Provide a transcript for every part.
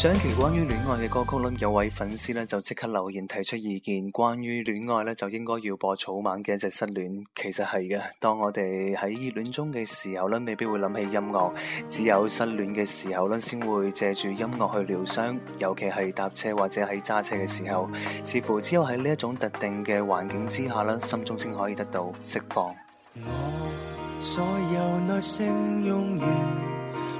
上期關於戀愛嘅歌曲咧，有位粉絲咧就即刻留言提出意見，關於戀愛咧就應該要播草蜢嘅《一隻失戀》。其實係嘅，當我哋喺熱戀中嘅時候咧，未必會諗起音樂，只有失戀嘅時候咧，先會借住音樂去療傷。尤其係搭車或者喺揸車嘅時候，似乎只有喺呢一種特定嘅環境之下呢，心中先可以得到釋放。我所有耐性用完。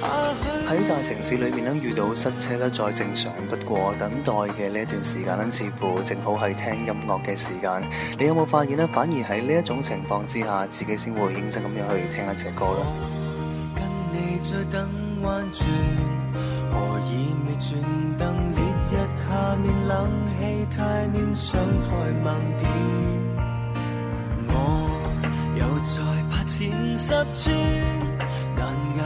喺大城市裏面咧，遇到塞車咧，再正常不過。等待嘅呢一段時間似乎正好係聽音樂嘅時間。你有冇發現呢？反而喺呢一種情況之下，自己先會認真咁樣去聽下隻歌咧。跟你再等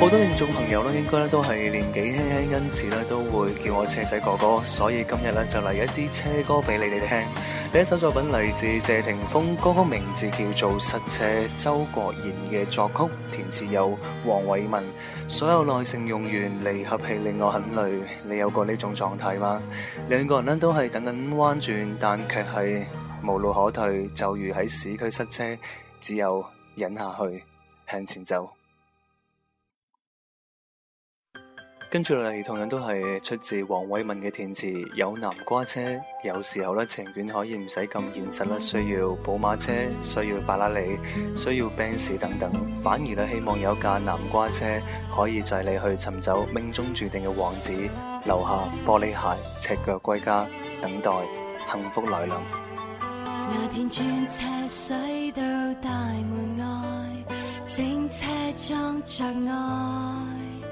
好多觀眾朋友應該都係年紀輕輕，因此咧都會叫我車仔哥哥，所以今日咧就嚟一啲車歌俾你哋聽。呢一首作品嚟自謝霆鋒，歌曲名字叫做《塞車》，周國賢嘅作曲，填詞有黃偉文。所有耐性用完，離合器令我很累。你有過呢種狀態嗎？兩個人都係等緊彎轉，但卻係無路可退，就如喺市區塞車，只有忍下去向前走。跟住落嚟，同樣都係出自黃偉文嘅填詞。有南瓜車，有時候咧情願可以唔使咁現實啦。需要寶馬車，需要法拉利，需要 Benz 等等。反而咧希望有架南瓜車，可以載你去尋找命中注定嘅王子，留下玻璃鞋，赤腳歸家，等待幸福來臨。那天轉車駛到大門外，整車裝着愛。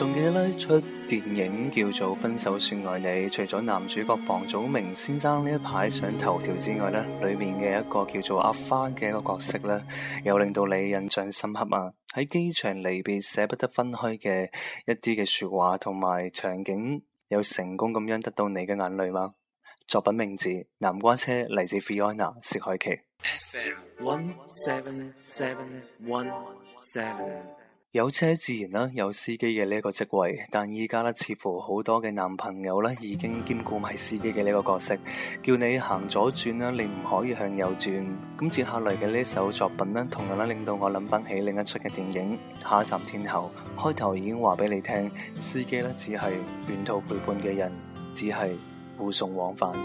仲記得呢齣電影叫做《分手說愛你》，除咗男主角房祖名先生呢一排上頭條之外呢，裏面嘅一個叫做阿花嘅一個角色呢有令到你印象深刻啊！喺機場離別捨不得分開嘅一啲嘅說話同埋場景，有成功咁樣得到你嘅眼淚嗎？作品名字《南瓜車》iona，嚟自費安娜、薛凱琪。one seven seven one seven。有車自然啦，有司機嘅呢個職位，但依家呢，似乎好多嘅男朋友呢已經兼顧埋司機嘅呢個角色，叫你行左轉啦，你唔可以向右轉。咁接下來嘅呢首作品呢，同樣呢，令到我諗翻起另一出嘅電影《下一站天后》，開頭已經話俾你聽，司機呢只係沿途陪伴嘅人，只係護送往返。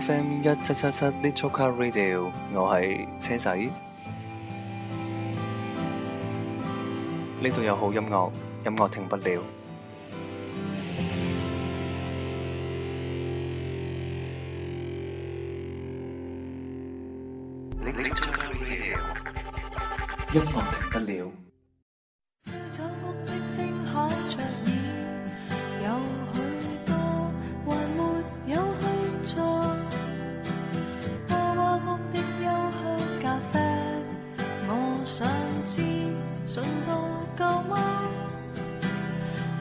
F.M. 一七七七 Little Car Radio，我係車仔，呢度有好音樂，音樂停不了。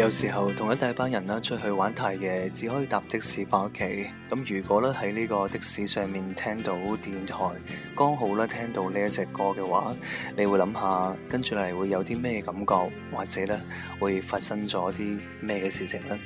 有時候同一大班人啦，出去玩太夜，只可以搭的士翻屋企。咁如果咧喺呢個的士上面聽到電台，剛好咧聽到呢一隻歌嘅話，你會諗下跟住嚟會有啲咩感覺，或者咧會發生咗啲咩嘅事情呢？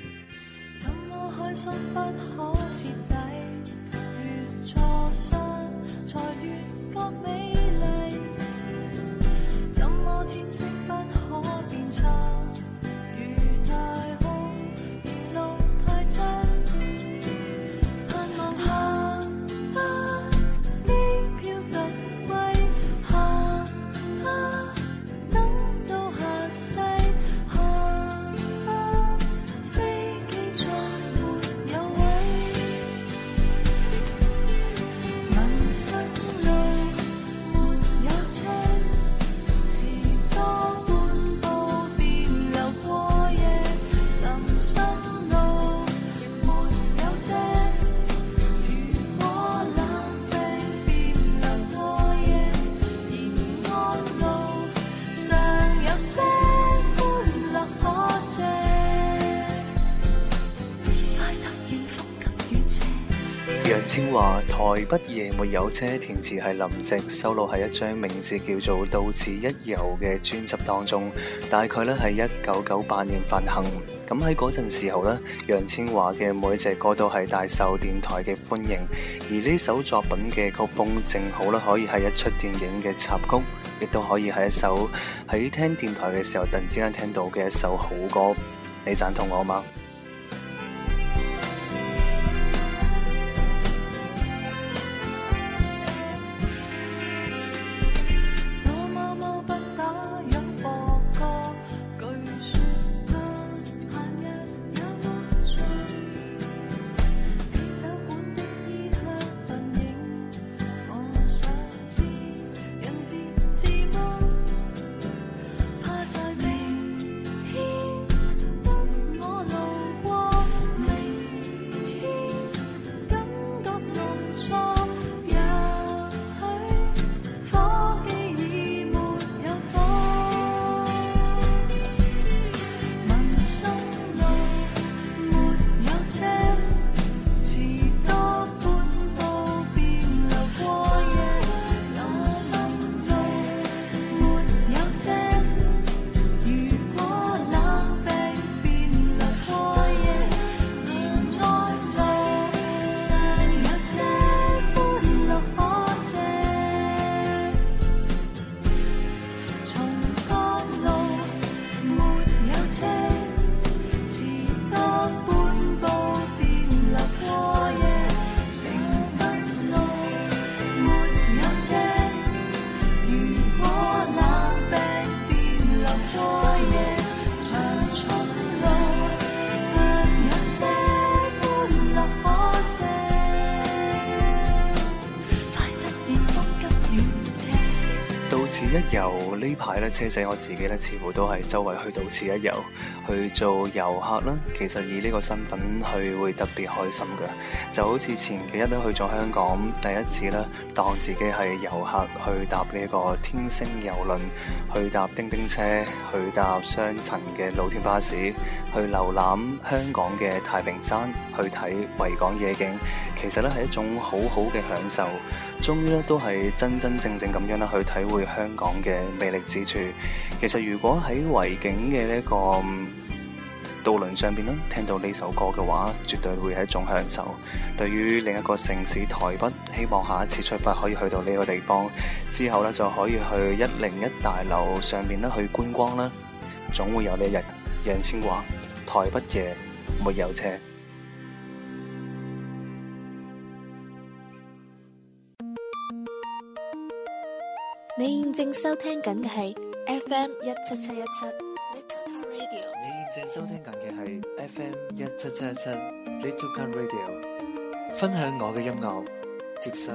台北夜沒有車，填詞係林夕，收錄喺一張名字叫做《到此一遊》嘅專輯當中。大概咧係一九九八年發行。咁喺嗰陣時候呢，楊千嬅嘅每隻歌都係大受電台嘅歡迎。而呢首作品嘅曲風正好咧，可以係一出電影嘅插曲，亦都可以係一首喺聽電台嘅時候突然之間聽到嘅一首好歌。你贊同我嗎？到此一遊呢排咧，車仔我自己咧，似乎都係周圍去到此一遊，去做遊客啦。其實以呢個身份去會特別開心㗎，就好似前幾日咧去咗香港，第一次咧當自己係遊客去搭呢個天星遊輪，去搭叮叮車，去搭雙層嘅露天巴士，去瀏覽香港嘅太平山，去睇維港夜景，其實咧係一種好好嘅享受。終於咧，都係真真正正咁樣咧，去體會香港嘅魅力之處。其實如果喺維景嘅呢個渡輪上邊咧，聽到呢首歌嘅話，絕對會係一種享受。對於另一個城市台北，希望下一次出發可以去到呢個地方之後咧，就可以去一零一大樓上邊咧去觀光啦。總會有呢一日。楊千嬅，《台北夜沒有車》。你現正收聽緊嘅係 FM 一七七一七 Little Car Radio，你現正收聽緊嘅係 FM 一七七一七 Little Car Radio，分享我嘅音樂，接收。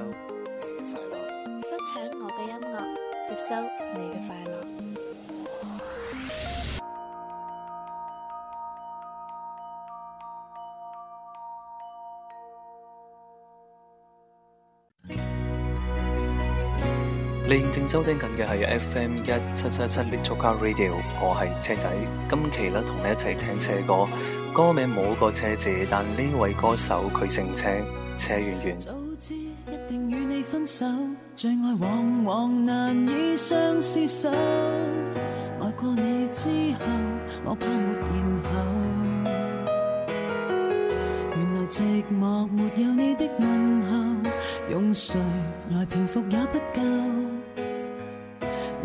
收聽緊嘅係 fm 1777 Little Car Radio 我係車仔今期同你一齊聽車歌歌名冇個車字但呢位歌手佢姓車車圓圓早知一定與你分手最愛往往難以相厮守。守愛過你之後我怕沒然後原來寂寞沒有你的問候用誰來平復也不夠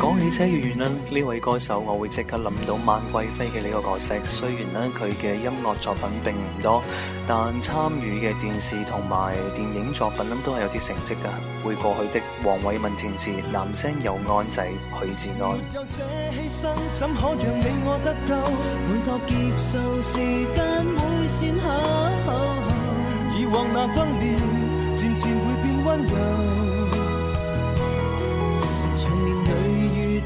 講起車月圓啦，呢位歌手，我會即刻諗到萬貴妃嘅呢個角色。雖然呢，佢嘅音樂作品並唔多，但參與嘅電視同埋電影作品都係有啲成績噶。會過去的，黃偉文填詞，男聲有安仔，許志安。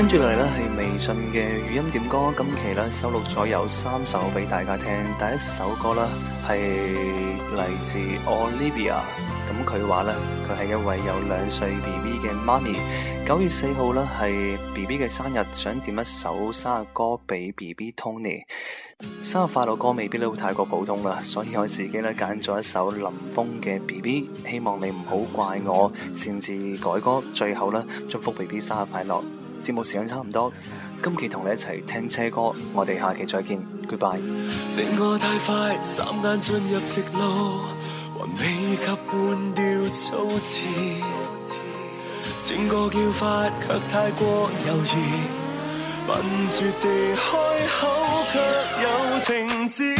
跟住嚟咧係微信嘅語音點歌，今期咧收錄咗有三首俾大家聽。第一首歌呢係嚟自 Olivia，咁佢話咧佢係一位有兩歲 B B 嘅媽咪，九月四號咧係 B B 嘅生日，想點一首生日歌俾 B B Tony。生日快樂歌未必都太過普通啦，所以我自己咧揀咗一首林峯嘅 B B，希望你唔好怪我擅自改歌，最後咧祝福 B B 生日快樂。節目時間差唔多，今期同你一齊聽車歌，我哋下期再見，Goodbye。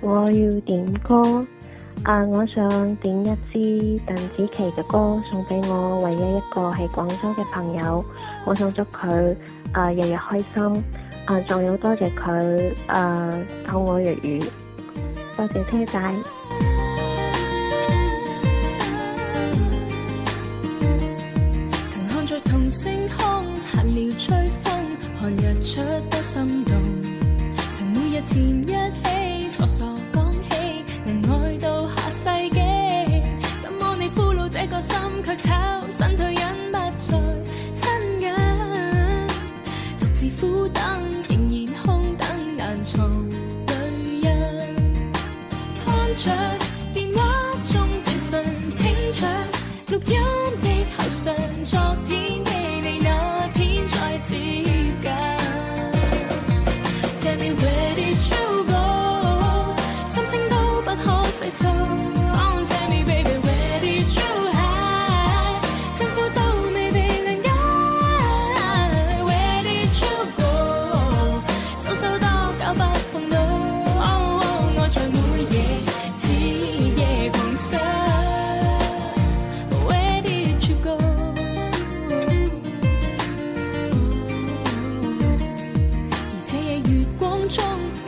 我要點歌，啊、呃！我想點一支鄧紫棋嘅歌，送俾我唯一一個喺廣州嘅朋友。我想祝佢啊，日、呃、日開心。啊、呃，仲要多謝佢啊，教、呃、我粵語。多謝車仔。曾看着同星空，閒聊吹風，看日出多心動。曾每日纏一起。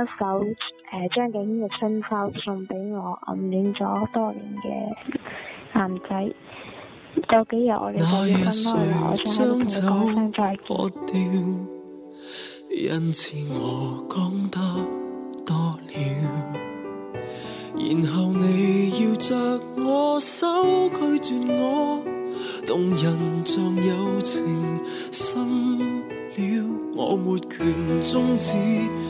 一首誒張敬軒嘅新歌送俾我暗戀咗多年嘅男仔，過幾日我哋就結婚啦！我想喺度同你講聲再見。